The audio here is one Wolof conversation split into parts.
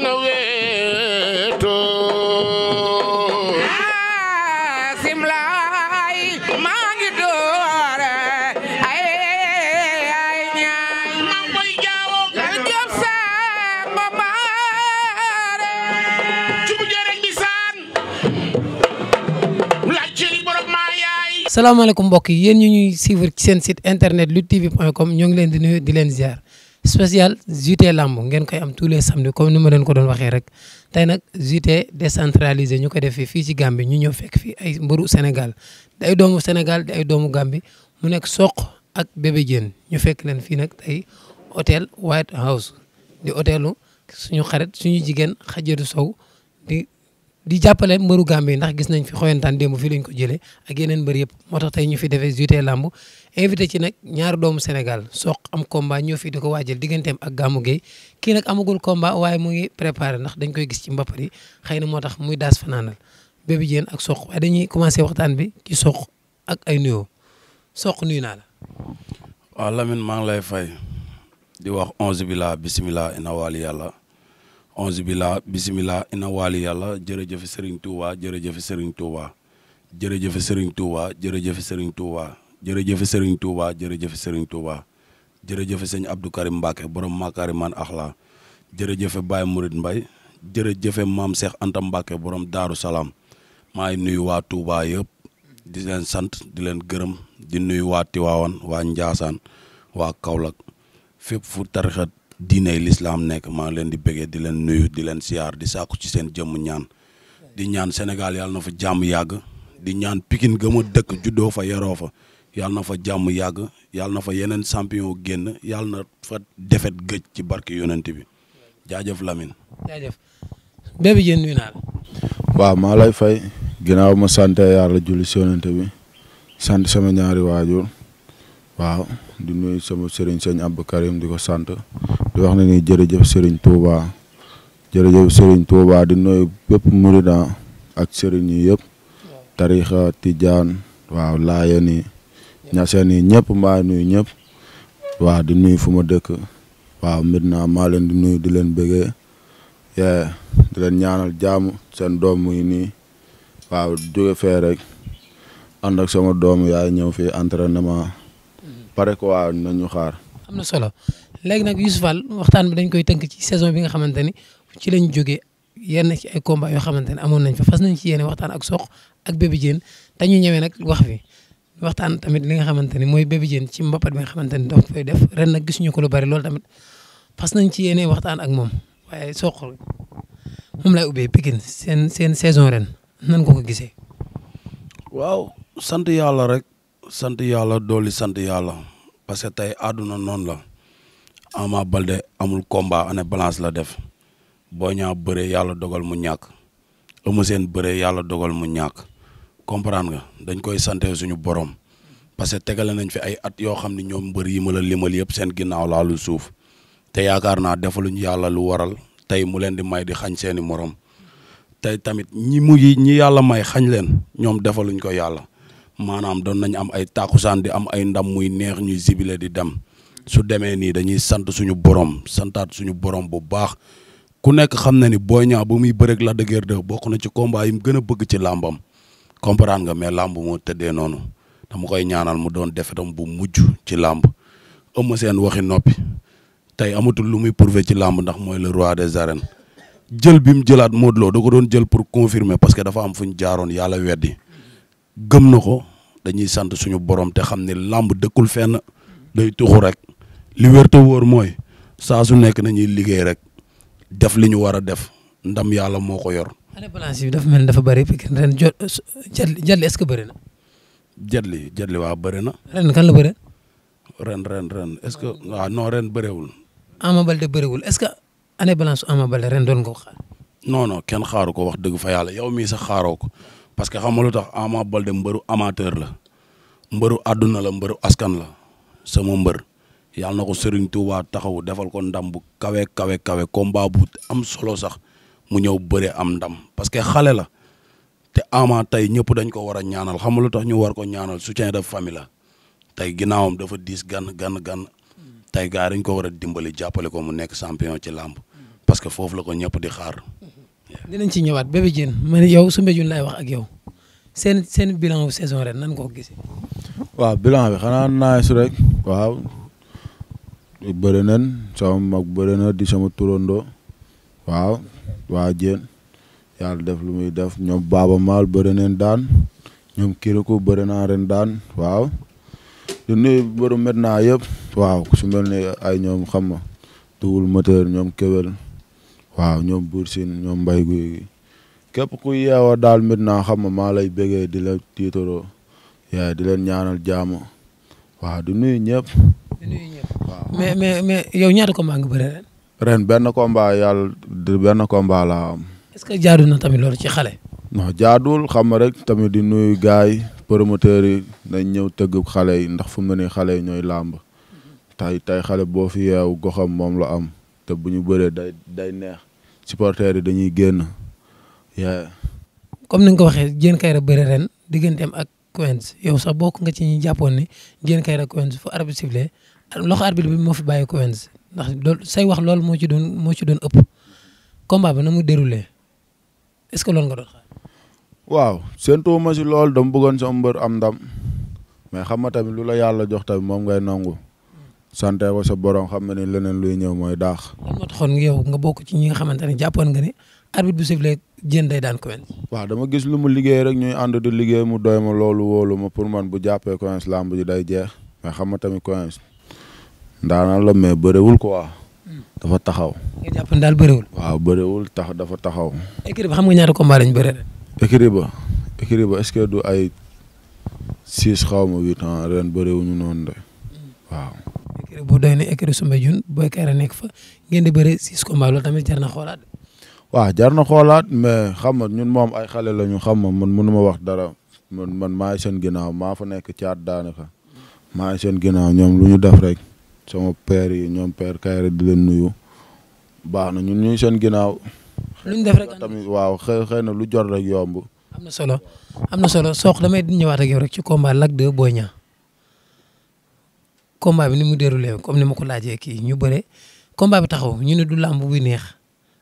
na weetoo ah, sim laay maa ngi doore ay ay ñaay maa koy jaawo kal jëf saamba maare cubu jërek di saan laaj ci borom maa yaay salaamaaleykum mbokk yi yen ñu ñuy suivre ci seen site internet luttetv point com ñoo ngi leen di nuyu di leen ziar spécial JT lamb ngeen koy am tous les samedis comme ni ma leen ko doon waxee rek tey nag JT décentralisé ñu ko defee fii ci Gambie ñu ñëw fekk fii ay mbëru Sénégal di ay doomu Sénégal di ay doomu Gambie mu nekk soq ak bébé ñu fekk leen fii nag tey hôtel White House di hôtelu suñu xarit suñu jigéen Xajatu Sow di jàppale mbëru Gambie ndax gis nañ fi xoyantaan démb fi lañ ko jëlee ak yeneen mbër yëpp moo tax tey ñu fi defee JT Lamb invité ci nag ñaari doomu Sénégal Sokh am combat ñoo fii di ko waajal digganteem ak Gamou Gueye kii nag amagul combat waaye muy ngi préparé ndax dañ koy gis ci mbappat yi xëy na moo tax muy daas fanaanal Bébé Diène ak Sokh waaye dañuy commencé waxtaan bi ci Sokh ak ay nuyoo Sokh nuyu naa la waaw Lamine maa lay fay di wax onze bi la bisimilah inawali yàlla onze billah bisimila ina waali yàlla jërë jërëjëfe sëriñ Touba jërëjëfe sëriñ Touba jërëjëfe sëriñ Touba jërëjëfe sëriñ Touba jërëjëfe sëriñ Touba jërëjëfe sëriñ Touba jërëjëfe sëñ Abdou Karim Mbacke borom Makarimal Akhlaq jërëjëfe Baye mbay Mbaye jërëjëfe maam Cheikh Anta Mbacke borom Daaru Salaam maa ngi nuyu waa Touba di leen sant di leen gërëm di nuyu waa Tiwaawan wa Njaasaan waa kawlak fépp fu tarixat diiney lislaam nekk maa ngi leen di bëggee di leen nuyu di leen siyaar di sàkku ci seen jëmm ñaan di ñaan Sénégal yàlla na fa jàmm yàgg di ñaan Pikine gëm dëkk juddoo fa yaroo fa yàlla na fa jàmm yàgg yàlla na fa yeneen champion génn yàlla na fa defet gëj ci barke yonent bi jaajëf Lamine. jaajëf Bébé nuyu naa waaw maa lay fay ginnaaw ma sant yàlla julli si bi sant sama ñaari waajur waaw. di nuyu sama sëriñ sëñ Abdou Karim di ko sant di wax ne ni jërëjëf sëriñ Touba jërëjëf sëriñ Touba di nuyu bépp murida ak sëriñ yi yëpp tarixa tijaan waaw laa yi ñaseen yi ñëpp mbaa nuyu ñëpp waaw di nuyu fu ma dëkk waaw Medina maa leen di nuyu di leen bëggee di leen ñaanal jàmm seen doom muy nii waaw jóge fee rek ànd ak sama doom yaay ñëw fi entraînement pare ko waaw nañu xaar. am na solo léegi nag Youssouf Fall waxtaan bi dañ koy tënk ci saison bi nga xamante ni ci lañ jógee yenn ci ay combat yoo xamante ne amoon nañ fa fas nañ ci yéene waxtaan ak Sokh ak Bébé Diène te ñu ñëwee nag wax fi waxtaan tamit li nga xamante ni mooy Bébé Diène ci mbapat bi nga xamante ni daf koy def ren nag gisuñu ko lu bari loolu tamit fas nañ ci yéene waxtaan ak moom waaye Sokh moom lay ubbee Pikine seen seen saison ren nan ko ko gisee. waaw sant yàlla rek sant yàlla dooli sant yàlla. parce que tey àdduna noonu la Ama balde amul combat année balance la def boo Niang bëre yàlla dogal mu ñàkk Eumeu seen bëre yàlla dogal mu ñàkk comprendre nga dañ koy sante suñu borom parce que tegale nañ fi ay at yoo xam ne ñoom mbër yi ma limal yëpp seen ginnaaw laalu suuf te yaakaar naa defaluñu yàlla lu waral tey mu leen di may di xañ seeni morom tey tamit ñi mu yi ñi yàlla may xañ leen ñoom defaluñ ko yàlla maanaam doon nañ am ay taakusaan di am ay ndam muy neex ñuy sibile di dem su demee nii dañuy sant suñu borom santaat suñu borom bu baax ku nekk xam na ni Boy Niang ba muy bëreeg la de Guiers 2 bokk na ci combat yi mu gën a bëgg ci làmbam comprendre nga mais làmb moo tëddee noonu dama koy ñaanal mu doon defetam bu mujj ci làmb Eumeu Sène waxi noppi tey amatul lu muy prouver ci làmb ndax mooy le roi des arènes jël bi mu jëlaat Modou Lo da ko doon jël pour confirmer parce que dafa am fu ñu jaaroon yàlla weddi gëm na ko dañuy sant suñu borom te xam ne làmb dëkkul fenn day tuxu rek li wér mooy saa su nekk nañuy liggéey rek def li ñu war a def ndam yàlla moo ko yor. année blanche bi dafa mel ni dafa bëri ren jo Jadli est que bëri na. Jadli Jadli waa bëri na. ren kan ren ren ren ce que waaw non ren bëriwul. Ama Baldé bëriwul est-ce que année blanche Ama Baldé ren doon nga ko xaar. non kenn xaaru ko wax dëgg fa yàlla yow mii sax xaaroo ko. parce que xam nga lu tax Ama Baldé mbëru amateur la mbaru àdduna la mbaru askan la sama mbër yàlla na ko Serigne Touba taxaw defal ko ndam bu kawe kawe kawe combat bu am solo sax mu ñëw bëre am ndam parce que xale la te Ama tey ñëpp dañ ko war a ñaanal xam nga lu tax ñu war ko ñaanal soutien de famille la tey ginnaawam dafa diis gan gan gan tey gars dañ ko war a dimbali jàppale ko mu nekk sampion ci làmb parce que foofu la ko ñëpp di xaar. dinañ ci ñëwaat Bébé Diène man yow Soumbédioune laay wax ak yow seen seen bilan wu saison ren nan nga ko gisee. waaw bilan bi xanaa naaj rek waaw bëri nañ sama mag bëri na di sama turandoo waaw waa Diène yàlla def lu muy def ñoom Baba Maal bëri nañ daan ñoom Kirikou bëri naa ren daan waaw di nuyu bëru met naa yëpp waaw su ni ay ñoom xam ma tuwul moteur ñoom kéwél waaw ñoom buur siin ñoom mbay guy gi képp ku yeewa daal mit naa xam ma maa lay bégee di la tiitaroo yaay di leen ñaanal jaamu waaw di nuyu ñëpp. du nuyu ñëpp waaw mais mais mais yow ñaata combat bëre ren. ren benn combat yàlla benn combat laa am. est que jaadu na tamit loolu ci xale. non jaaduwul xam rek tamit di nuyu gaay yi promoteurs yi dañ ñëw tëgg xale yi ndax fu mu ne xale yi ñooy làmb mm-hmm. tey tey xale boo fi yeew goxam moom la am te bu ñu bëree day day neex. supporters yi dañuy génn yaa comme ni nga ko waxee Diène Kaïré bëre ren digganteem ak Quench yow sax bokk nga ci ñi jàppoon ni Diène Kaïré Quench fu arbitre sifflé loxo arbitre bi moo fi bàyyi Quench ndax loolu wax lool moo ci doon moo ci doon ëpp combat bi na mu déroulé est-ce que nga doon xaar. waaw séntu ma si loolu dama bëggoon sama mbër am ndam mais xam nga tamit lu la yàlla jox tamit moom ngay nangu. sante ba sa borom xam na ne leneen luy ñëw mooy daax. lan moo taxoon nga bokk ci ñi nga xamante ne jàppoon nga ne arbitre bu sifflé jën day daan Quench. waaw dama gis lu mu liggéey rek ñuy ànd di liggéey mu doy ma loolu woolu ma pour man bu jàppee Quench làmb ji day jeex mais xam nga tamit Quench ndaanaan la mais bëriwul quoi. Hmm. dafa taxaw. nga daal bëriwul. waaw bëriwul tax dafa taxaw. écurie ba xam nga ñaata combat lañ bëre. écurie ba écurie ba est-ce que du ay six xaw ma huit ans ren bëriwuñu noonu de hmm. waaw. écurie bu doy na écurie Soumbédioune Boy Kaïré nekk fa ngeen di bëre six combats loolu tamit jar na waa waaw jar na xoolaat mais xam nga ñun moom ay xale lañu ñu xam nga man mënu ma wax dara man man maa ngi seen ginnaaw maa fa nekk caat daana maa ngi seen ginnaaw ñoom luñu def rek sama père yi ñoom père Kaïré di leen nuyu baax na ñun ñu ngi seen ginnaaw. lu ñu def rek tamit waaw xëy xëy na lu jot rek yomb. am na solo am na solo sox damay ñëwaat ak rek ci combat Lac 2 Boy Niang combat bi ni mu déroulé comme ni ma ko laajee kii ñu bëre combat bi taxaw ñu ne du làmb buy neex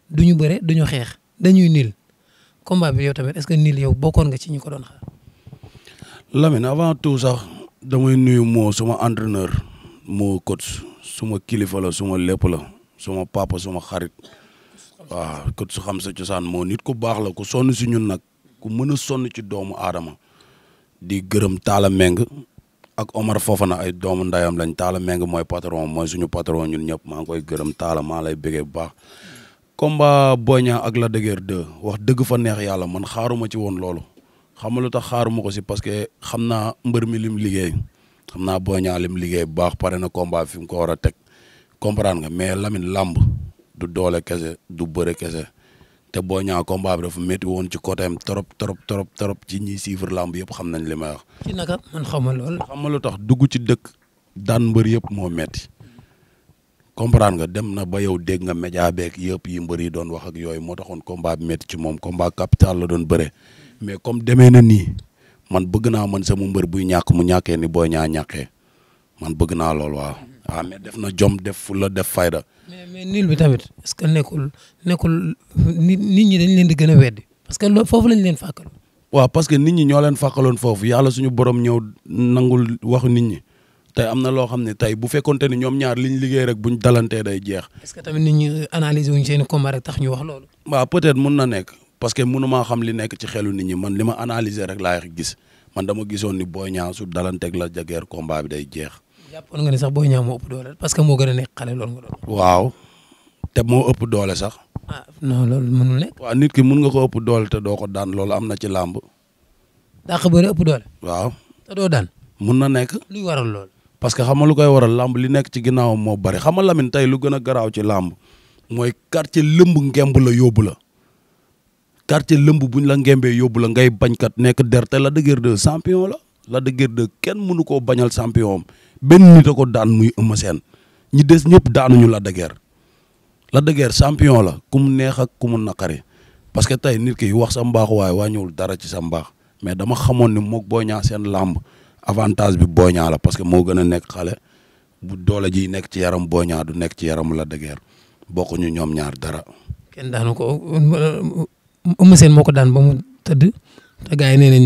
du ñu bëre du ñu xeex dañuy nil combat bi yow tamit est-ce que nil yow bokkoon nga ci ñu ko doon xaar. Lamine avant tout sax damay nuyu moo suma entraîneur moo coach suma kilifa la suma lépp la suma papa suma xarit waaw coach su xam sa cosaan moo nit ku baax la ku sonn si ñun nag ku mën a sonn ci doomu aadama di gërëm taala meng ak Omar Fofana ay doomu ndayam lañ taala meng mooy patron mooy suñu patron ñun ñëpp maa ngi koy gërëm taala maa lay bëggee bu baax combat Boy Niang ak Lac de wax dëgg fa neex yàlla man xaaruma ci woon loolu xam nga lu tax xaaruma ko si parce que xam naa mbër mi lim liggéey xam naa Boy Niang lim liggéey bu baax pare na combat fi mu ko war a teg comprendre nga mais Lamine làmb du doole kese du bëre kese te boo ñaa mbaab refu dafa woon ci côté am trop trop trop trop ci ñi suivre lamb yëpp xam nañ li may wax. ci naka ma lool. xam ma lu tax dugg ci dëkk daan mbër yëpp moo metti comprendre nga dem na ba yow dégg nga média beeg yëpp yi mbër yi doon wax ak yooyu moo taxoon combat bi métti ci moom combat capital la doon bëre mais comme demee na nii man bëgg na man sama mbër buy ñàkk mu ñàkkee ni boo ñaa ñàkkee man bëgg naa lool waaw. ah mais def na jom def fula def fayda. mais mais niil bi tamit est nekkul nekkul nit nit ñi dañ leen di gën a weddi parce que loolu foofu lañ leen fàkkaloon. waaw parce que nit ñi ñoo leen fàkkaloon foofu yàlla suñu borom ñëw nangul waxu nit ñi tey am na loo xam ne tey bu fekkonte ni ñoom ñaar li ñu liggéey rek buñ dalantee day jeex. est tamit nit ñi analyser wuñ seen combat rek tax ñu wax loolu. waaw peut-être mun na nekk parce que mënumaa xam li nekk ci xelu nit ñi man li ma analyser rek laay gis man dama gisoon ni Boy Niang dalanteeg la jageer combat bi day jeex. jàppoon nga ne sax Boy Niang moo ëpp doole parce que moo gën a nekk xale loolu nga doon. waaw te moo ëpp doole sax. ah non loolu mënul nekk. nit ki mun nga ko ëpp doole te doo ko daan loolu am na ci làmb. dàq bëre ëpp doole. waaw te doo daan. mun na nekk. luy waral lool. parce que xam nga lu koy waral làmb li nekk ci ginnaawam moo bari xam nga Lamine tey lu gën a garaaw ci làmb mooy quartier lëmb ngemb la yóbbu la quartier lëmb buñ la ngembee yóbbu la ngay bañkat nekk der la dëgër de champion la la dëgër kenn mënu koo bañal champion benn nit a ko daan muy Eumeu Sène ñi des ñëpp daanuñu Lac de Guiers Lac de champion la ku mu neex ak ku mu naqari parce que tey nit ki wax sa mbaax waaye wàññiwul dara ci sa mbaax mais dama xamoon ni moog Boy Niang seen làmb avantage bi Boy Niang la parce que moo gën a nekk xale bu doole ji nekk ci yaram Boy Niang du nekk ci yaramu Lac de Guiers bokkuñu ñoom ñaar dara. kenn daanu ko Eumeu moo ko daan ba mu tëdd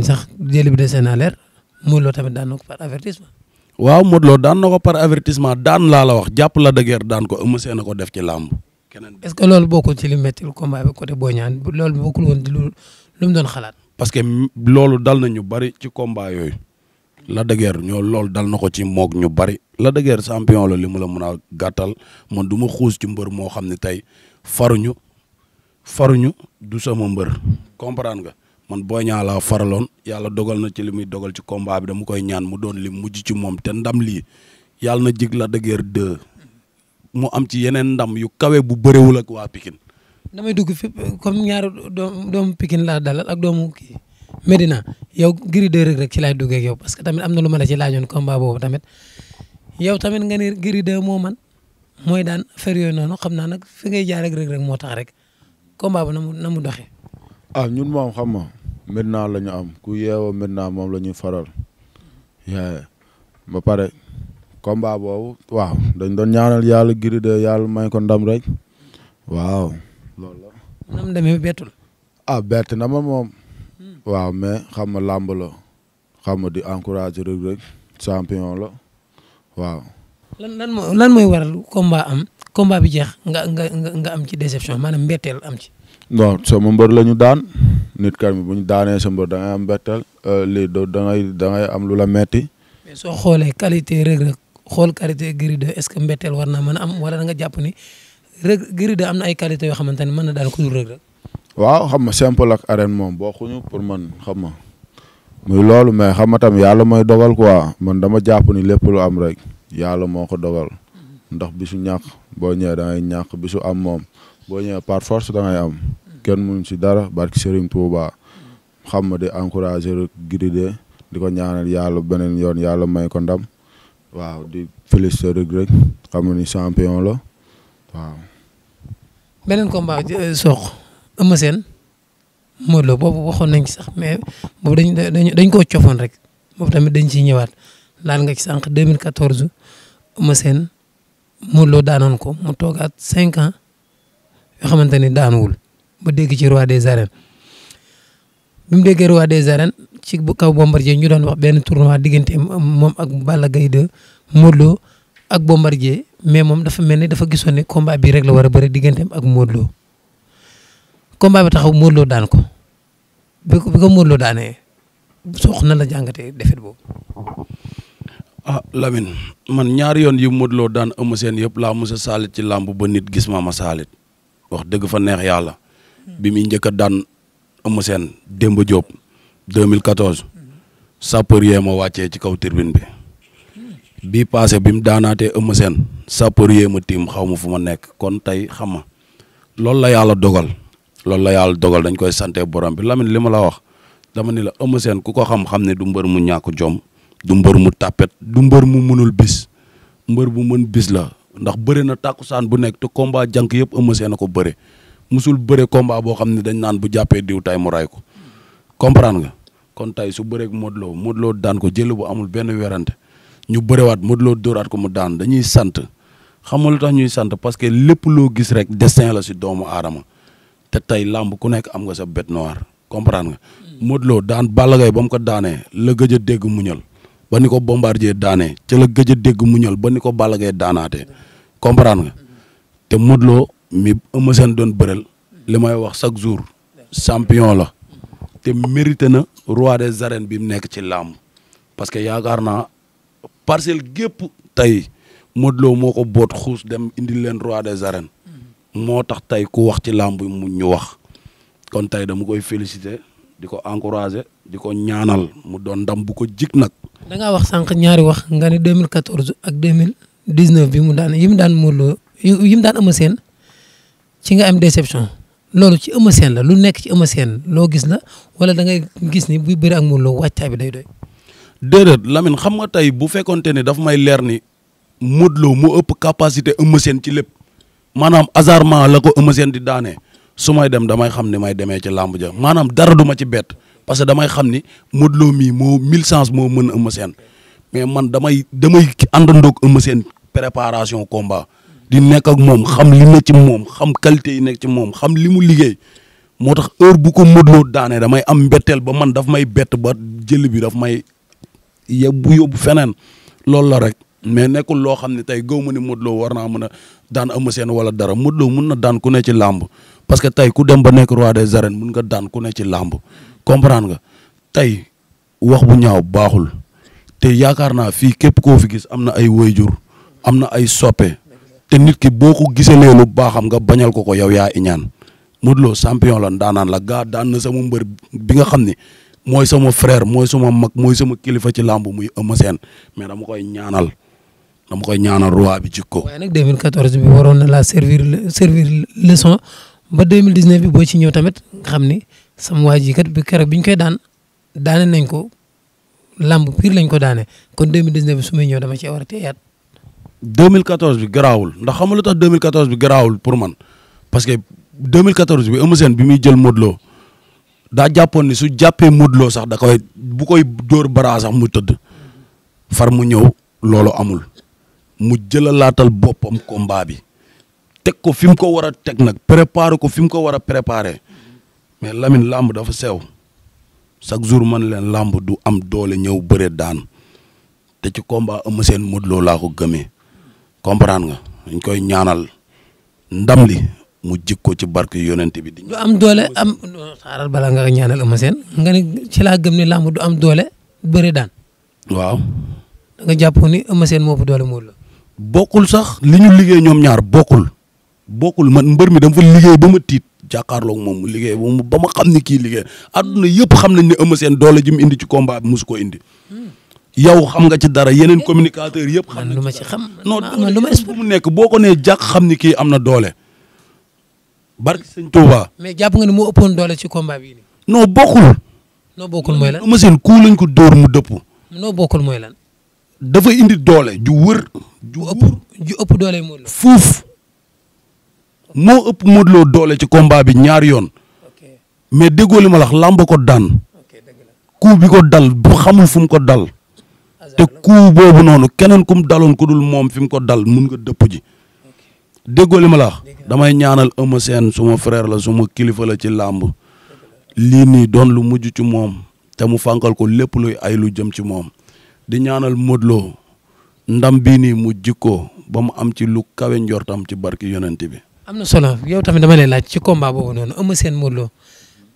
sax jëli bi dese naa leer Modou Lo tamit daan na ko waaw Modou Lo daan na ko par avertissement daan laa la wax jàpp la daan ko Eumeu Sène na ko def ci làmb. keneen ce que loolu bokkul ci li métti combat bi côté Boy Niang loolu bokkul woon lu lu mu doon xalaat. parce que loolu dal na ñu bari ci combat yooyu. la de guerre ñoo loolu dal na ko ci moog ñu bari. la de guerre champion la li mu la mën a gàttal man du ma xuus ci mbër moo xam ne tey faruñu ñu du sama mbër comprendre nga. man Boy Niang laa faraloon yàlla dogal na ci li muy dogal ci combat bi dama koy ñaan mu doon li mujj ci moom te ndam lii yàlla na jig la dëgër deux mu am ci yeneen ndam yu kawe bu bëriwul ak waa Pikine. damay dugg fi comme ñaar doom doomu laa dalal ak doomu kii Medina yow Gris 2 Reug Reug ci laay duggee yow parce que tamit am na lu ma la ci laajoon combat boobu tamit yow tamit nga ni Gris 2 moo man mooy daan fer yooyu noonu xam naa nag fi ngay jaar ak Reug Reug moo tax rek combat bu na mu na ah ñun moom xam nga Medina la ñu am ku yeewoo Medina moom la ñuy faral ba pare combat boobu waaw dañ doon ñaanal yàlla Gris 2 yàlla may ko ndam rek waaw loolu la. nam demee bettul. ah bett na ma moom. Hmm. waaw mais xam nga làmb la xam nga di encourager Reug Reug waaw. lan lan mooy lan mooy waral combat am combat bi jeex nga nga nga am ci déception maanaam mbetteel am ci. non ma mbër la ñu daan nit kay bu ñu daanee sa mbër da ngay am mbetteel euh, lii doo da am lu metti soo xoolee qualité Reug Reug xool qualité Gris 2 est-ce que mbetteel war naa mën am wala da nga jàpp ni Reug Gris 2 am na ay qualité yoo xamante ne mën na daal ku dul Reug Reug waaw xam nga simple ak arène moom bokkuñu pour man xam ma muy loolu mais xam ma tam yàlla mooy dogal quoi man dama jàpp ni lépp lu am rek yàlla moo ko dogal ndax bisu ñàkk boo ñëwee da ngay ñàkk bisu am moom boo ñëwee par force kenn mënuñ si dara barki Serigne Touba xam ma di encouragé rek Gris di ko ñaanal yàlla beneen yoon yàlla may ko ndam waaw di félicité rek rek xam nga ni champion la waaw. beneen combat euh, Lo boobu waxoon nañ ci sax mais boobu dañ dañ dañ koo cofoon rek boobu tamit dañ ciy ñëwaat laal nga ci sànq 2014 Eumeu Sène Modou Lo daanoon ko mu toogaat 5 ans xamante ni daanuwul ba dégg ci roi des arènes bi mu déggee roi des arènes ci bu kaw Bombardier ñu doon wax benn tournoi diggante moom ak Balla Gaye 2 Modou Lo ak Bombardier mais moom dafa mel ni dafa gisoon ne combat bi rek la war a bëri digganteem ak Modou Lo combat bi taxaw Modou Lo daan ko bi ko bi ko Modou Lo daanee sox na la jàngatee defet boobu. ah Lamine man ñaari yoon yu Modou Lo daan ëmm seen yëpp laa mos a saalit ci làmb ba nit gis ma ma saalit wax dëgg fa neex yàlla bi muy njëkk a daan Eumeu Sène Demba Diop 2014 sapeur yee ma wàccee ci kaw turbine bi bi passé bi mu daanaatee Eumeu Sène sapeur yee tiim xaw ma fu ma nekk kon tey xam ma loolu la yàlla dogal loolu la yàlla dogal dañ koy sante borom bi Lamine li ma la wax dama ni la Eumeu ku ko xam-xam ne du mbër mu ñàkk jom du mbër mu tàppet du mbër mu munul bis mbër bu mën bis la ndax bëri na saan bu nekk te combat jànk yëpp Eumeu Sène a ko bëre musul bëre combat boo xam ne dañ naan bu jàppee diw tay mu ray ko comprendre nga kon tey su bëreeg Modou Lo Modou Lo daan ko jël bu amul benn werante ñu bëriwaat Modou Lo dóoraat ko mu daan dañuy sant xam nga lu tax ñuy sant parce que lépp loo gis rek destin la si doomu aadama te tey làmb ku nekk am nga sa bête noire comprendre nga. Mm. Modou Lo daan Balla Gaye ba mu ko daanee la gëj a dégg muñal ba ni ko Bombardier daanee ca la gëj a dégg muñal ba ni ko Balla Gaye daanaatee comprendre nga mm. te Modou Lo mi Eumeu Sène doon bëreel li may wax chaque jour champion la te mérité na roi des arènes bi mu nekk ci làmb parce que yaakaar naa parcelle gépp tey moo ko boot xuus dem indi leen des arènes moo tax tey ku wax ci làmb mu ñu wax kon tey dama koy féliciter di ko encourager di ko ñaanal mu doon ndam bu ko jik nag. da ngaa wax sànq ñaari wax nga ne 2014 ak 2019 bi mu daan yi mu daan Modou Lo yi mu daan Eumeu Sène ci nga am déception loolu ci Eumeu Sène la lu nekk ci Eumeu Sène loo gis la wala da ngay gis ni buy bëri ak Modou Lo waajtaay bi day doy. déedéet lamin xam nga tey bu fekkonte ne dafa may leer ni Modou Lo mu ëpp capacité Eumeu seen ci lépp maanaam hasardement la ko Eumeu Sène di daanee su may dem damay xam ni may demee ci làmb maanaam dara du ma ci bett parce que damay xam ni Modou Lo mii moo mille chance moo mën Eumeu Sène mais man damay damay àndandoog Eumeu Sène préparation combat. di nekk ak moom xam li ne moom xam qualité yi nekk ci moom xam li mu liggéey moo tax heure bu ko Modou Lo daane damay am mbetteel ba man daf may bett ba jël bi daf may yóbbu yóbbu feneen loolu la rek mais nekkul loo xam ne tey gaw ma ni Modou Lo war naa mën a daan am seen wala dara Modou mun na daan ku ne ci làmb parce que tey ku dem ba nekk roi des arènes mun nga daan ku ne ci làmb comprendre nga tey wax bu ñaaw baaxul te yaakaar naa fi képp koo fi gis am na ay wayjur am na ay soppe te nit ki boo ko gisalee lu baaxam nga bañal ko ko yow yaa ñaan Modou Lo champion la ndaanaan la gaa daan na sama mbër bi nga xam ni mooy sama frère mooy sama mag mooy sama kilifa ci làmb muy Eumeu Sène mais dama koy ñaanal dama koy ñaanal roi bi jikko. waaye nag 2014 bi waroon na laa servir servir leçon ba 2019 bi boo ci ñëw tamit nga xam ni sama waa ji kat bi kere bi ñu koy daan daane nañ ko làmb pire lañ ko daane kon 2019 bi su may ñëw dama cee war a teeyaat deux 2014 bi garaawul ndax xam nga lu tax 2014 bi garaawul pour man parce que 2014 bi Eumeu seen bi muy jël Modou Lo jàppoon ni su jàppee Modou sax da koy bu koy dóor bara sax mu tëdd far mu ñëw loolu amul mu jëla laatal boppam komba bi teg ko fi mu ko war a teg nag préparer ko fi mu ko war a préparer mais lamin làmb dafa sew chaque jour man leen làmb du am doole ñëw bëre daan te ci combat Eumeu Sène Modou laa ko gëmee. comprendre nga dañ koy ñaanal ndam li mu jikko ci barke yonent bi. du am doole am xaaral bala nga ñaanal Eumeu Sène nga ne ci laa gëm ne làmb du am doole bëri daan. waaw. nga jàpp ni Eumeu Sène moo ëpp doole Modou Lô. bokkul sax li ñu liggéey ñoom ñaar bokkul. bokkul man mbër mi dama fa liggéey ba ma tiit jàkkaarloog moom mu liggéey ba ma xam ni kii liggéey àdduna yëpp xam nañ ne Eumeu Sène doole ji indi ci combat bi mosu ko indi. Hmm. yow xam nga ci dara yeneen eh. communicateur yëpp. xam lu ma ci xam non lu ma expliqué mu nekk boo ko nee jàq xam ni kii am na doole. barki sëñ Touba. mais jàpp nga ne moo ëppoon doole ci combat bi. non bokkul. noo bokkul mooy lan Eumeu Sène ku lañ ko dóor mu dëpp. noo bokkul mooy lan. dafa indi doole ju wër. ju ëpp ëpp doole Modou Lo. fuuf moo ëpp Modou doole ci combat bi ñaar yoon. mais déggoo li ma la wax làmb ko daan. ok dëgg la bi ko dal xamul fu ko dal. te coup boobu noonu keneen kum daloon ku dul moom fi mu ko dal mun nga dëpp ji déggoo li ma la wax damay ñaanal Eumeu Sène suma frère la suma kilifa la ci làmb lii nii doon lu mujj ci moom te mu fànkal ko lépp lu ay lu jëm ci moom di ñaanal Modou ndam bii nii mu jikkoo ba mu am ci lu kawe njortam ci barki yonent bi. am na solo yow tamit dama lay laaj ci combat boobu noonu Eumeu seen Modou Lo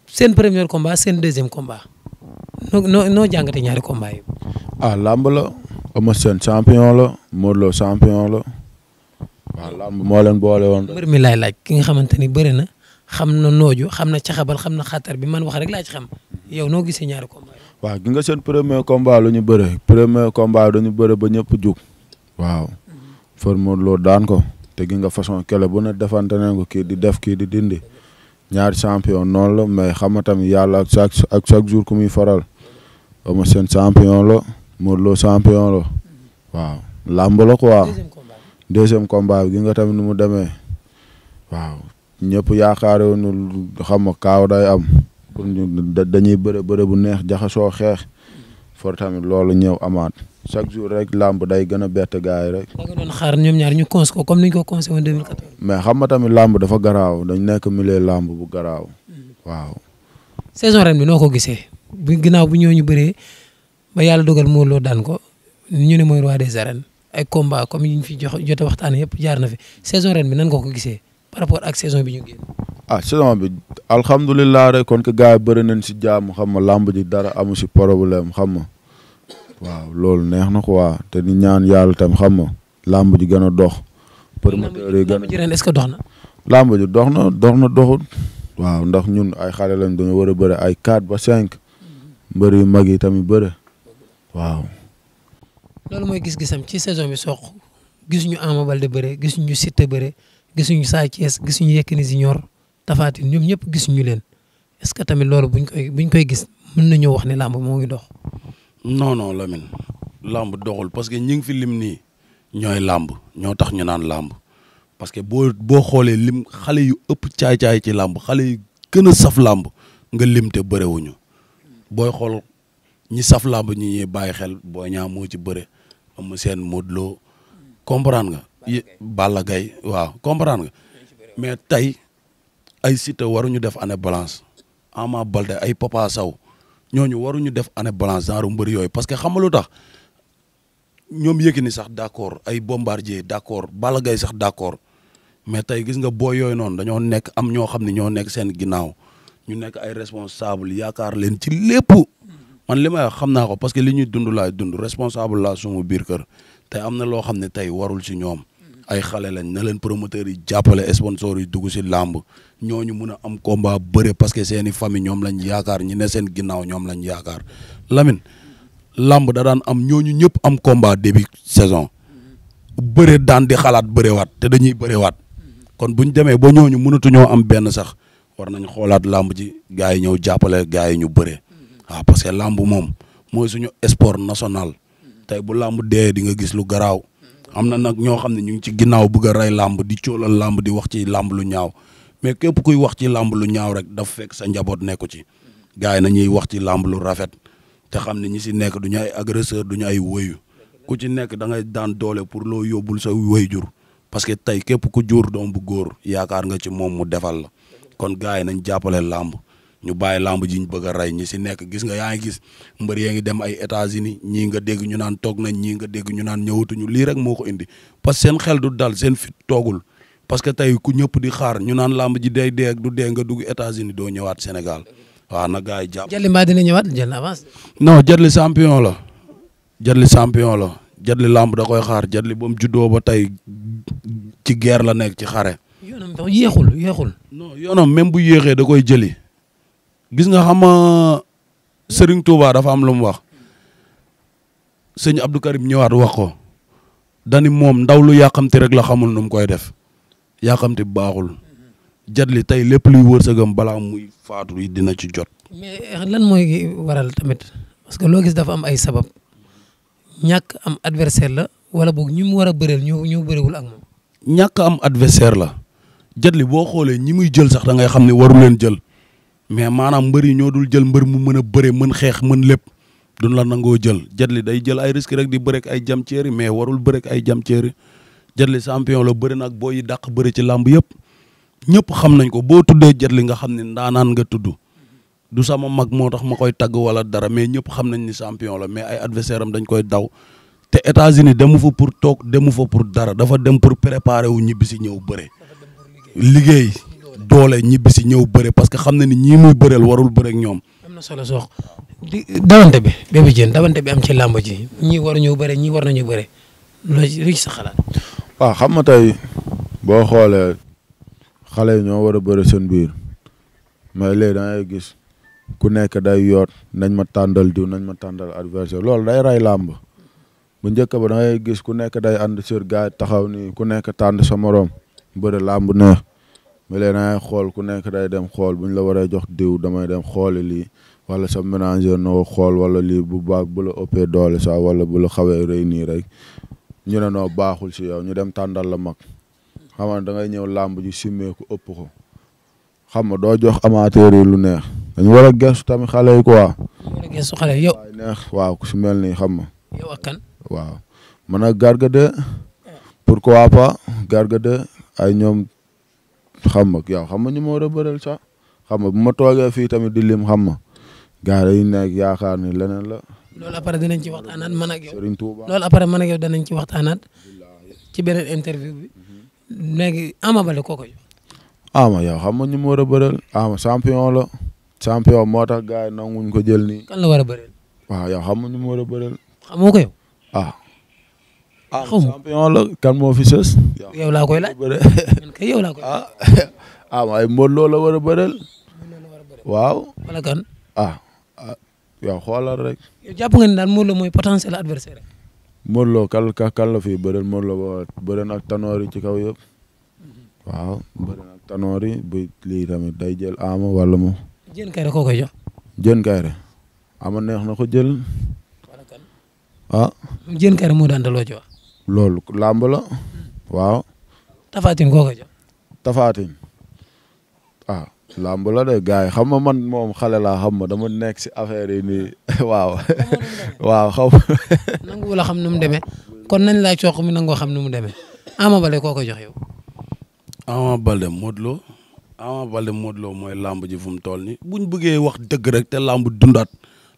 seen premier combat seen deuxième combat noo noo noo ñaari combat yi. ah làmb la Eumeu Sène champion la Modou Lo champion la waaw làmb moo leen boole woon. mbër mi ki nga xamante ni bëri na xam na nooju xam na caxabal xam na xatar bi man wax rek laa ci xam yow noo gisee ñaari combat waaw gi nga seen premier combat lu ñu bëre premier combat dañu bëre ba ñëpp jug waaw for Modou Lo daan ko te gi nga façon kele bu ne defante nañ ko kii di def kii di dindi ñaari champion noonu la mais xam nga tamit yàlla ak chaque ak chaque jour ku muy faral Eumeu Sène champion lo Modou Lo champion la waaw làmb la quoi deuxième combat gi nga tamit nu mu demee waaw ñëpp yaakaar woon xam nga kaaw day am pour ñu dañuy bëre bu neex jaxasoo xeex for tamit loolu ñëw amaan chaque jour rek làmb day gën a bett gars rek. da ñu cons ko comme ni ñu ko consé mais xam nga tamit làmb dafa garaaw dañ nekk milieu làmb bu garaaw mm. waaw. saison ren bi noo ko gisee bu ginnaaw bu ñëw ñu bëree. ba yàlla dogal moo loo daan ko ñu ne mooy roi des arènes ay combat comme yi ñu jox jot a waxtaan yëpp jaar na fi saison ren bi nan nga ko gisee par rapport ak saison bi ñu génn. Ah, saison bi alhamdulilah rek kon bëri nañ si jàmm xam nga làmb ji dara amu si problème xam nga waaw loolu neex na quoi te ni ñaan yàlla tam xam nga làmb ji gën a dox. promoteur yi gën a ji ren est-ce dox na. làmb ji dox na dox na doxul. waaw ndax ñun ay xale la dañu war a bëri ay 4 ba 5. mbër yu mag yi tamit bëri. waaw. loolu mooy gis-gisam ci saison bi soq gisuñu Ama Baldé bëre gisuñu Siteu bëre gisuñu Sa Thiès gisuñu Yékini Junior Tapha Tine ñoom ñëpp gisuñu leen es ce que tamit loolu buñ koy buñ koy gis mën nañoo wax ne làmb moo ngi dox. noonoo non Lamine làmb doxul parce que ñi ngi fi lim nii ñooy làmb ñoo tax ñu naan làmb parce que boo boo xoolee lim xale yu ëpp caay-caay ci làmb xale yu gën a saf làmb nga lim te bëre booy xool. ñi saf làmb ñi ñuy bàyyi xel Boy ñaa moo ci bëre am seen Modou loo comprendre nga. Balla Gaye waaw comprendre nga mais tey ay Siteu waruñu def année balance Ama Baldé ay Papa Sow ñooñu waruñu def anne balance genre mbër yooyu parce que xam nga lu tax ñoom Yékini sax d'accord ay Bombardier d'accord Balla gay sax d'accord mais tey gis nga booy yooyu noonu dañoo nekk am ñoo xam ne ñoo nekk seen ginnaaw ñu nekk ay responsable yaakaar leen ci lépp. man li may xam naa ko parce que li ñuy dund laay dund responsable laa suma biir kër te am na loo xam ne tey warul si ñoom ay xale lañ na leen promoteurs yi jàppale sponsors yi dugg ci làmb ñooñu mun a am combat bëre parce que seeni famille ñoom lañ yaakaar ñi ne seen ginnaaw ñoom lañ yaakaar Lamine làmb da daan am ñooñu ñëpp am combat début saison bëre daan di xalaat bërewaat te dañuy bërewaat kon bu ñu demee ba ñooñu mënatuñoo am benn sax war nañ xoolaat làmb ji gars yi ñëw jàppale gars yi ñu bëre ah parce que làmb moom mooy suñu sport national tey bu làmb dee di nga gis lu garaaw am na nag ñoo xam ne ñu ngi ci ginnaaw bëgg a rey làmb di cóolal làmb di wax ci làmb lu ñaaw mais képp kuy wax ci làmb lu ñaaw rek daf fekk sa njaboot nekku ci gars yi nañuy wax ci làmb lu rafet te xam ne ñi si nekk du ñu ay agresseur du ñu ay wëyu ku ci nekk da ngay daan doole pour loo yóbbul sa wëyjur parce que tey képp ku jur doom bu góor yaakaar nga ci moom mu defal la kon gars yi nañ jàppale làmb ñu bàyyi lamb ji ñu bëgg a rey ñi si nekk gis nga yaa gis mbër yaa ngi dem ay États-Unis ñii nga dégg ñu naan toog nañ ñii nga dégg ñu naan ñëwatuñu lii rek moo ko indi parce que seen xel du dal seen fit toogul parce que tey ku ñëpp di xaar ñu naan lamb ji day dee du dee nga dugg États-Unis doo ñëwaat Sénégal waaw na gars yi jàpp. Jadli mbaa dina ñëwaat jël avance. non Jadli champion la Jadli champion la Jadli lamb da koy xaar Jadli ba mu juddoo ba tey ci guerre la nekk ci xare. yoonam tax yéexul yéexul. gis nga xam Serigne Touba dafa am lu mu wax sëñ Abdou Karim ñëwaat wax ko dani moom ndaw lu yàqamti rek la xamul nu koy def yàqamti baaxul jatli tey lépp luy wërsëgam bala muy faatu yi dina ci jot. mais lan mooy waral tamit parce que loo gis dafa am ay sabab ñàkk am adversaire la wala boog ñi mu war a bëreel ñu ñu bëreewul ak moom. ñàkk am adversaire la jatli boo xoolee ñi muy jël sax da ngay xam ne waru leen jël. mais maanaam mbër yi ñoo dul jël mbër mu mën a bëre mën xeex mën lépp duñ la nangoo jël jet li day jël ay risque rek di bërek ay jam ceeri mais warul bërek ay jam ceeri jet champion la bëri nag booy yi dàq bëri ci làmb yëpp ñëpp xam nañ ko boo tuddee jet li nga xam ne ndaanaan nga tudd du sama mag moo tax ma koy tagg wala dara mais ñëpp xam nañ ni champion la mais ay adversaire am dañ koy daw te États-Unis demu fa pour toog demu fa pour dara dafa dem pour préparer wu ñibbi si ñëw bëre doole ñibbi si ñëw bëre parce que xam na ni ñii muy bëreel warul bëre ak ñoom. am na solo sox di bi Bébé Diène bi am ci làmb ji ñii waruñu bëre ñii war nañu bëre lu ci sa boo xoolee xale yi ñoo war a bëre seen biir mais léegi da gis ku nekk day yoot nañ ma tàndal diw nañ ma tàndal loolu day ray làmb bu njëkk ba da gis ku nekk day ànd sur taxaw ni ku nekk tànd sa morom bëre làmb neex. mi ay ah, xool ku nekk day dem xool bu ñu la waree jox diw damay dem xooli lii wala sa ménager noo xool wala lii bu baax bu la ëppee doole sax wala bu la xawee rëy nii rek ñu ne noo baaxul si yow ñu dem tàndal la mag xam nga ñëw làmb ji simmeeku ëpp ko xam nga doo jox amateur lu neex dañu war a gëstu tamit xale ko quoi. waaw ku si mel nii xama nga. yow ak kan. waaw man a ah. ay ñoom. xam nga yow xam nga ñu ma war a bëral sax xam nga bu ma toogee fii tamit di lim xam nga gars dañuy nekk yaakaar ni leneen la. loolu après dinañ ci waxtaanaat man ak yow Serigne Touba loolu après man ak yow danañ ci waxtaanaat ci beneen interview bi léegi Ama Baldé koo koy. Ama yow xam nga ñu ma war a bëral Ama champion la. champion moo tax gars yi nanguñ ko jël nii. kan la war a bëreel. waaw yow xam nga a bëreel. ah champion la kan moo fi sës. yow laa koy laaj man kay yow laa koy laaj. ah waaye Modou Lo la war a bëreel. waaw. wala kan. ah ah yow xoolal rek. yow jàpp nga ni daal Modou Lo mooy potentiel adversaire. Modou Lo kan kan kan la fi bëreel Modou Lo ba bëreel ak tanoor yi ci kaw yëpp. Mhm. waaw bëreel ak tanoor yi bu lii tamit day jël ama wala mu. jën kayre koo koy jox. jën kayre ama neex na ko jël. wala kan. ah. jën kayre moo daan daloo ci wax. loolu làmb waaw. Tapha Tine koo ko jox. Tapha Tine ah làmb la de gars xam nga man moom xale laa xam ma dama nekk si affaire yi nii waaw. waaw nangu la xam nu mu demee kon nañ laa coox mi nangoo xam nu mu demee Ama Baldé koo ko jox yow. Ama Baldé Modou Lo Ama Baldé Modou Lo mooy làmb ji fu mu toll nii buñ bëggee wax dëgg rek te làmb dundaat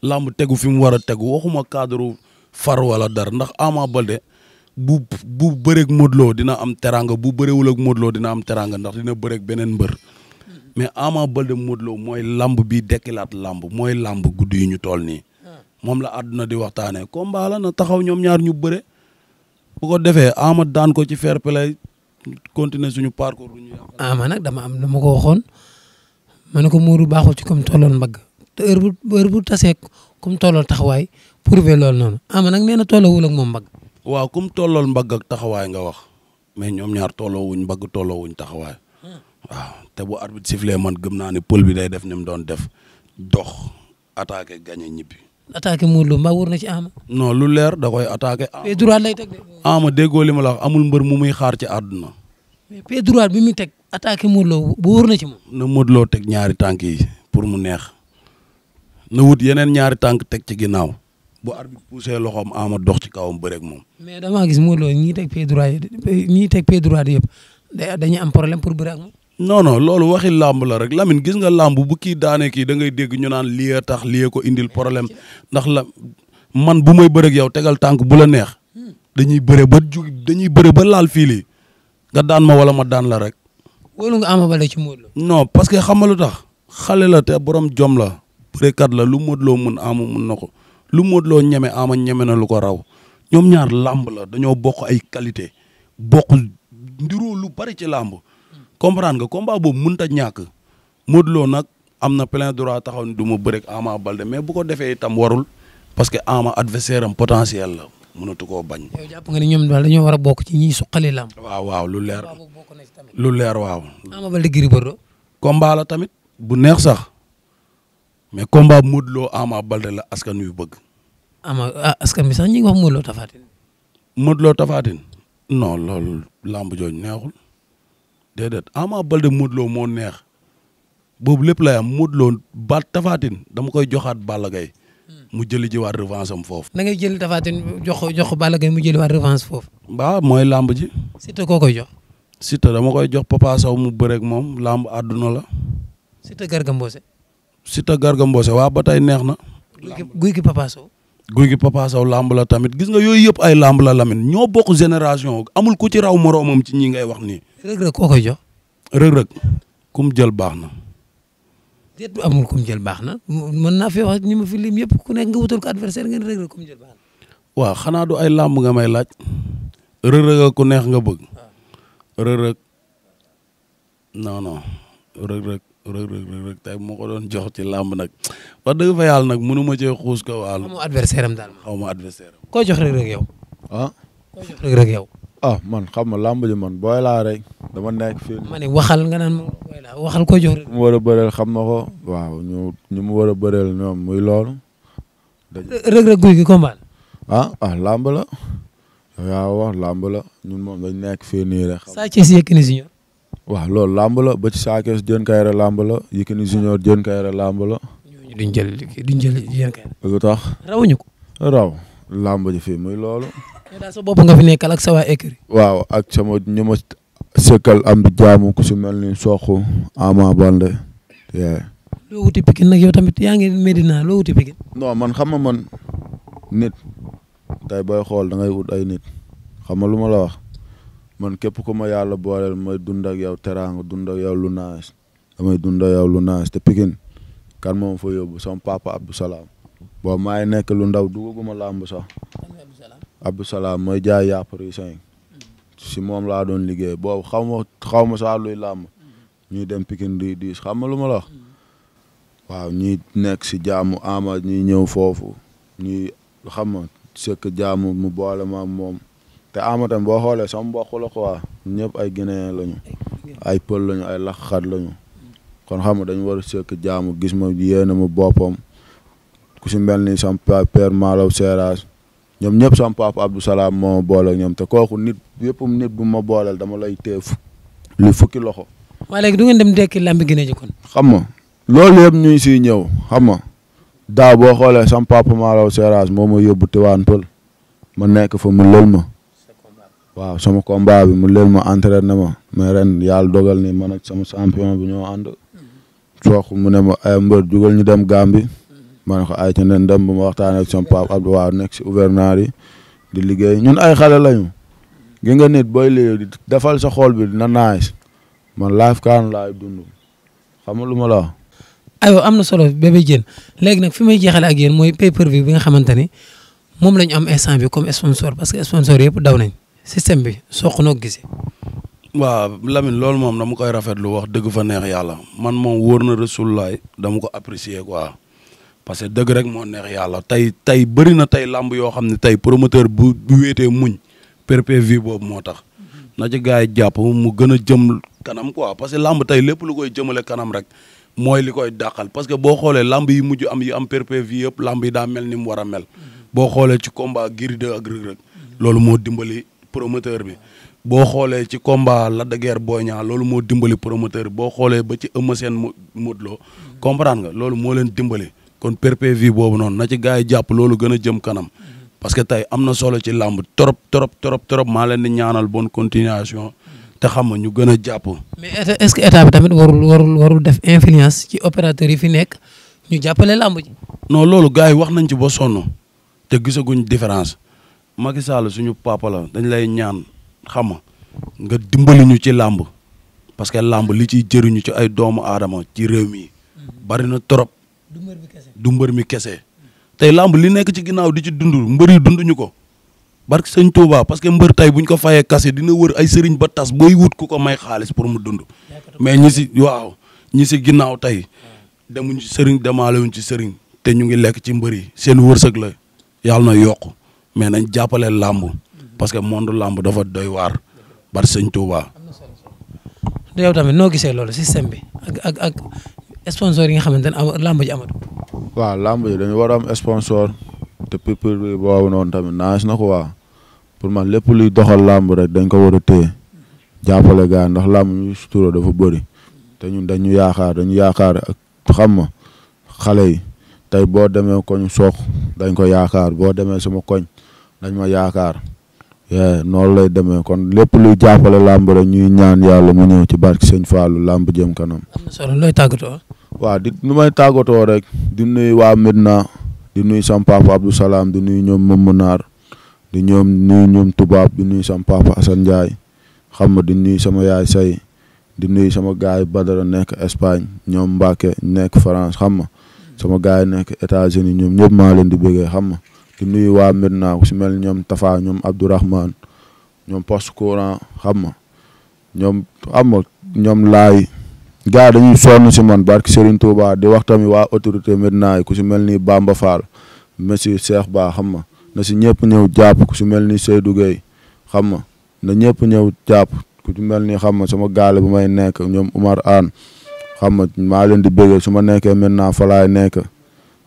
làmb tegu fi mu war a tegu waxuma cadre far wala dara ndax Ama Baldé. bu bu bëreeg Modou dina am teranga bu bëreewul ak Modou dina am teranga ndax dina bëreek beneen mbër mais Ama Baldé Modou Lo mooy lamb bii dekkilaat lamb mooy lamb guddi yi ñu toll nii moom la àdduna di waxtaanee combat la na taxaw ñoom ñaar ñu bëre bu ko defee Ama daan ko ci fair play continuer suñu parcours du ñu Ama nag dama am dama ko waxoon ma ne ko muuru baaxul ci comme tolloon mbagg te heure bu heure bu tasee comme tolloon taxawaay prouver loolu noonu Ama nag nee na tollawul ak moom waaw kum tollool mbagg ak taxawaay nga wax mais ñoom ñaar tolloowuñ mbagg tolloowuñ taxawaay waaw te bu arbitre sifflé man gëm naa ne pël bi day def ni mu doon def dox attaqué gagné ñibbi. attaqué Modou Lo mbaa wóor na ci Ama. non lu leer da koy attaqué. pied droit lay teg de. li ma la wax amul mbër mu muy xaar ci àdduna. mais pied droit bi muy teg attaqué Modou Lo bu wóor na ci moom. na Modou Lo teg ñaari tànk yi pour mu neex na wut yeneen ñaari tànk teg ci ginnaaw. bu arbitre poussé loxoom ama dox ci kawam bëreeg moom. mais damaa gis Modou Lo teg pied droit yi ñii teg pied droit yëpp dañuy am problème pour bëreeg moom. non non loolu waxi làmb la rek lamin gis nga làmb bu kii daanee kii dangay ngay dégg ñu naan lii tax lii ko indil problème ndax la man bu may bëreeg yow tegal tànk bu la neex dañuy bëre ba ju dañuy bëre ba laal fii lii nga daan ma wala ma daan la rek. wóolu nga Ama Baldé ci Modou Lo. non parce que xam nga lu tax xale la te borom jom la bërekat la lu Modou loo mun amu mun na ko. lu Modou Lo ñeme Ama ñeme na lu ko raw ñoom ñaar làmb la dañoo bokk ay qualité bokk ndiroo lu bari ci làmb comprendre nga combat boobu mënut a ñàkk Modou Lo nag am na plein droit taxaw ni du ma bëreeg Ama Balde mais bu ko defee itam warul parce que Ama adversaire am potentiel la mënatu ko bañ. yow jàpp nga ni ñoom daal war a bokk ci ñiy suqali làmb. waaw waaw lu leer lu leer waaw. Ama Balde Gris tamit bu neex sax. mais combat Modou Lo Ama Baldé la askan wi bëgg. Ama ah, askan bi sax ñi ngi wax Modou Lo Tapha Tine. Modou Lo Tapha Tine non neexul déedéet Ama Baldé Modou Lo moo neex boobu lépp lay am Modou Lo baat Tapha Tine dama koy joxaat Balla Gaye mu jëli jiwaat revanche am foofu. na ngay jël Tapha Tine jox ko jox mu jëliwaat revanche foofu. waaw mooy làmb ji. Siteu koo koy jox. Siteu dama koy jox Papa mu bëreeg moom làmb àdduna la. Siteu Garga Siteu Garga Mbossé waa ba neex na. guy gi Papa Sow. guy gi Papa Sow làmb la tamit gis nga yooyu yëpp ay làmb la Lamine ñoo bokk génération amul ku ci raw moroomam ci ñi ngay wax nii. Reug Reug koo koy jox. Reug Reug kum jël baax na. déet amul jël baax na mën naa fi wax ñi ma fi lim yëpp ku nekk nga wutal ko adversaire ngeen Reug Reug kum jël baax na. waaw xanaa du ay làmb nga may laaj. Reug Reug ku neex nga bëgg. Ah. Reug Reug non non Reug Reug rëg rëg rëg tey moo ko doon jox ci làmb nag wax dëgg fa yàlla nag mënu ma cee xuus ko waal. xaw adversaire am daal xaw ma adversaire koo jox rëg rëg yow. ah. yow. Ah, man xam ma làmb ji man booy laa rek nekk fii. ma ne waxal nga naan booy laa waxal mu war a bëreel xam na ko waaw ñu ñu mu war a bëreel ñoom muy loolu. rëg rëg guy gi combat. ah ah làmb la. yaa wax làmb la ñun moom nekk fii nii rek. saa ci si si ñoom. waaw loolu làmb la ba ci saakees Diène Kayre làmb la Yékini Junior Diène Kayre làmb la. ñooñu duñ jël duñ jël Diène Kayre. lu tax rawuñu ko. raw làmb ji fii muy loolu. yow daal sa bopp nga fi nekkal ak sa waa écurie. waaw ak sama ñu ma sëkkal am di jaamu ku si mel ni Sokh Ama Baldé. loo wuti Pikine nag yow tamit yaa ngi Medina loo wuti Pikine. non man xam nga man nit tey booy xool da ngay wut ay nit xam nga lu ma la wax. man képp ku ma yàlla booleel may dund ak yow teraanga dund ak yow lu naas damay dund yow lu naas te Pikine kan moom fa yóbbu sama papa Abdou Salaam boobu maay nekk lu ndaw dugguma làmb sax Abdou Salaam mooy jaay yàpp Rissing si moom laa doon liggéey boobu xaw ma xaw ma sax luy làmb ñuy dem Pikine di diis xam ma lu ma la wax waaw ñuy nekk si jaamu ama ñuy ñëw foofu ñuy xam ma jaamu mu boole ma moom te Ama tam boo xoolee sama mbokk la quoi ñëpp ay Guinéen lañu ay pël ñu ay laxxat lañu kon xam nga dañu war a sekk jaamu gis ma yéene ma boppam ku si mel ni sama père Malaw Seras ñoom ñëpp sama papa Abdou Salaam moo boole ñoom te kooku nit yëpp nit bu ma booleel dama lay teef li fukki loxo. waa léegi du ngeen dem dekki làmb Guinée ji kon. xam nga loolu yëpp ñu ngi ñëw xam nga daaw boo xoolee sama papa Malaw Seras moo ma yóbbu Tivaouane Peulh ma nekk fa mu lël ma. waaw sama combat bi mu leen ma entraîné ma mais ren yàlla dogal ni man ak sama champion bi ñoo ànd sox mu ne ma ay mbër jugal ñu dem Gambie ma ne ko ay ca nen dem ba ma waxtaan ak sama papa Abdou si gouverneur yi di liggéey ñun ay xale lañu gi nga booy liggéey defal sa xol bi na naaj man life kaan laay dund xam nga lu ma la aywa am na solo Bébé Diène léegi nag fi may jeexale ak yéen mooy pay per bi nga xamante ni moom la ñu am instant bi comme sponsor parce que sponsor yëpp daw nañ système bi soq noo gisee. waaw Lamine loolu moom mu koy rafetlu wax dëgg fa neex yàlla man moom wóor na Rasulullaay dama ko apprécier quoi parce que dëgg rek moo neex yàlla tey tey bëri na tey làmb yoo xam ne tey promoteur bu bu wéetee muñ PPV boobu moo tax. na ci gars yi jàpp mu gën a jëm kanam quoi parce que làmb tey lépp lu koy jëmale kanam rek mooy li koy dàqal parce que boo xoolee làmb yi mujj am yi am PPV yëpp làmb yi daa mel ni mu war a mel. boo xoolee ci combat Gris 2 promoteur bi boo xoolee ci combat Lac de Guiers Boy loolu moo dimbali promoteur bi boo xoolee ba ci Eumeu Sène Modou Lô comprendre nga loolu moo leen dimbali kon perpétuité boobu noonu na ci gars yi jàpp loolu gën a jëm kanam parce que tey am na solo ci làmb trop trop trop trop maa leen di ñaanal bonne continuation te xam nga ñu gën a jàpp. mais est-ce que état bi tamit warul warul warul def influence ci opérateur yi fi nekk ñu jàppale làmb ji. non loolu gars yi wax nañ ci ba sonn te gisaguñ différence. Macky Sall suñu papa dañ lay ñaan xam nga dimbali ñu ci làmb parce que làmb li ci jëriñu ci ay doomu aadama ci réew mi bari na trop du mi kese tey lamb li nekk ci ginnaaw di ci dund mbër yi dunduñu ko barke sëñ Touba parce que mbër tey buñ ko fayee kase dina wër ay sëriñ ba tas booy wut ku ko may xaalis pour mu dund mais ñi si waaw ñi si ginnaaw tey demuñ ci sëriñ ci sëriñ te ñu ngi lekk ci mbër yi seen wërsëg la yàlla na yokk mais nañ jàppale làmb parce que monde làmb dafa doy waar bar sëñ Touba. yow tamit noo gisee loolu système bi ak ak ak yi nga xamante ne làmb ji amatu. waaw làmb ji dañu war a am sponsor te pipil bi boobu noonu tamit naaj na ko waa pour man lépp luy doxal làmb rek dañ ko war a téye jàppale gars ndax làmb ñu sutura dafa bëri te ñun dañu yaakaar dañu yaakaar ak xam ma xale yi tey boo demee koñ soog dañ ko yaakaar boo demee sama koñ. dañ ma yaakaar noonu lay demee kon lépp luy jàppale làmb rek ñuy ñaan yàlla mu ñëw ci barke sëñ Fallou làmb jëm kanam. am tàggatoo. waaw di nu may tàggatoo rek di nuyu waa Medina di nuyu sam papa Abdou Salam di nuyu ñoom Momu Naar di ñoom ñoom tubaab di nuyu sam papa Assane Ndiaye xam nga di nuyu sama yaay say di nuyu sama gaay Badara nekk Espagne ñoom Mbacke nekk France xam nga sama gaay nekk États-Unis ñoom ñëpp maa leen di bëggee xam nga di nuyu waa Medina ku si mel ni ñoom Tafa ñoom Abdourahman ñoom poste courant xam ma ñoom xam ma ñoom laay gars dañuy sonn si man barki Serigne Touba di wax tamit waa autorité Medina yi ku si mel ni Bamba Fall monsieur Cheikh Ba xam ma na si ñëpp ñëw jàpp ku si mel ni Seydou Gueye xam ma na ñëpp ñëw jàpp ku si mel ni xam ma sama gaale bu may nekk ñoom Oumar Anne xam ma maa leen di bëggee su ma nekkee Medina fa laay nekk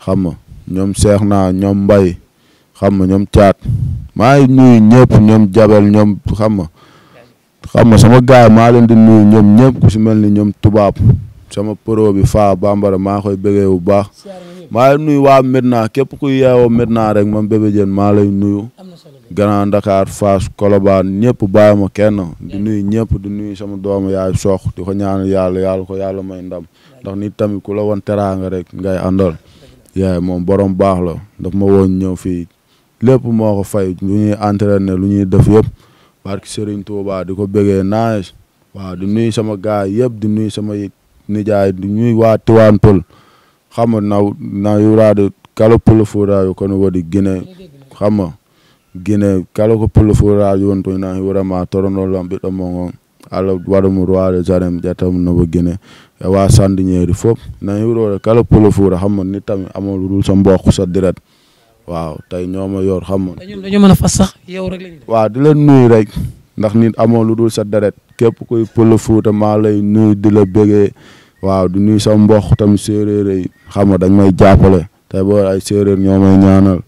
xam ma ñoom Cheikh naa ñoom mbay xam ma ñoom caat maa ngi nuyu ñëpp ñoom jabel ñoom xam ma xam ma sama gaay maa di nuyu ñoom ñëpp ku si mel ni ñoom tubaab sama pro bi faa bambara maa koy bëggee bu baax maa ngi nuyu waa Medina képp ku yeewoo Medina rek man Bébé Diène maa lay nuyu Grand Dakar Fass Colobane ñëpp bàyyi ma di nuyu ñëpp di nuyu sama doom yaay sox di ko ñaan yàlla yàlla ko yàlla may ndam ndax nit tamit ku la woon teraanga rek ngay àndal yaay moom borom baax la daf ma woon ñëw fii lépp moo ko fay lu ñuy entraîner lu ñuy def yëpp barki Serigne Touba di ko bëggee naaj waaw di nuy sama gaa yëpp di nuy sama nijaay di nuy waa Tiwaan Pël xam nga naw na yuraade kala pula furaaju kono waɗi guine xam nga guine kala ko pula furaaju won toon nahi vraiment toronollam ɓiɗɗo mon on allah waɗamo roi des arem ƴettamo nowo guine e wa sandiñeeri fof nahi wurore kala pula fura xam nga ni tami amol rul sa mbokk sa direct waaw tey ñoo ma yor xam nga. dañu sax waaw di la nuyu rek ndax nit amoo lu dul sa deret képp kuy pël Fuuta maa lay nuyu di la bëggee waaw di nuyu sa mboq tamit séeréer yi xam nga dañ may jàppale tey boo ay séeréer ñoo may ñaanal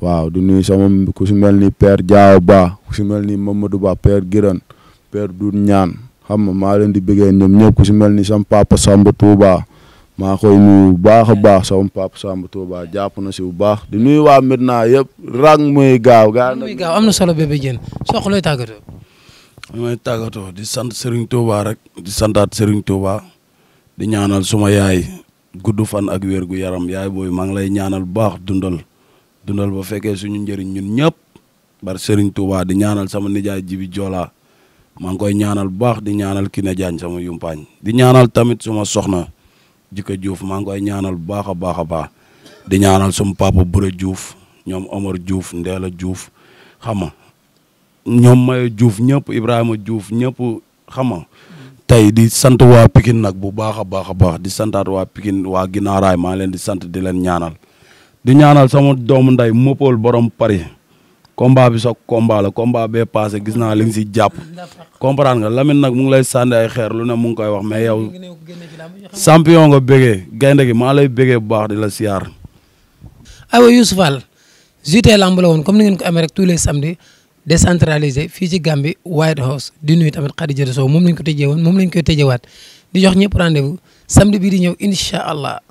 waaw di nuyu sama ku mel ni Père Diaw Ba ku si mel ni Mamadou Ba Père Giran Père Doudou Ñaan xam nga maa leen di bëggee ñoom ñëpp ku si mel ni sam papa Samba Touba. maa koy nuyu bu baax a baax sama papa Samba Touba jàpp na si bu baax di nuyu waa Medina yëpp rang mooy gaaw. gaa muy gaaw am na solo bébé Diène sox looy tàggatoo. may tàggatoo di sant Serigne Touba rek di santaat Serigne Touba di ñaanal suma yaay gudd fan ak wér gu yaram yaay booy maa ngi lay ñaanal bu baax dundal dundal ba fekkee suñu njëriñ ñun ñëpp bar Serigne Touba di ñaanal sama nijaay Jibi Jola maa ngi koy ñaanal bu baax di ñaanal Kine Diagne sama yumpaañ di ñaanal tamit suma soxna. jikko Diouf maa ngi koy ñaanal bu baax a baax a baax di ñaanal sum papa Bure Diouf ñoom Omar Diouf Ndeela Diouf xam nga ñoom Maye Diouf ñëpp Ibrahima Diouf ñëpp xama nga tey di sant waa Pikine nag bu baax a baax a baax di santaat waa Pikine waa Ginaaraay maa leen di sant di leen ñaanal di ñaanal sama doomu nday Mopol borom Paris. combat bi soog combat la combat bee passé gis naa li nga si jàpp comprendre nga Lamine nag mu ngi lay sànni ay xeer lu ne mu ngi koy wax mais yow champion nga bégee gaynde gi maa lay bégee bu baax di la siyaar. aywa Youssou Fall JT Lamb la woon comme ni ngeen ko amee rek tous les fii ci Gambie White House di nuyu tamit Khadija Sow moom lañ ko tëjee woon moom lañ koy tëjewaat di jox ñëpp rendez-vous samedi ñëw incha allah.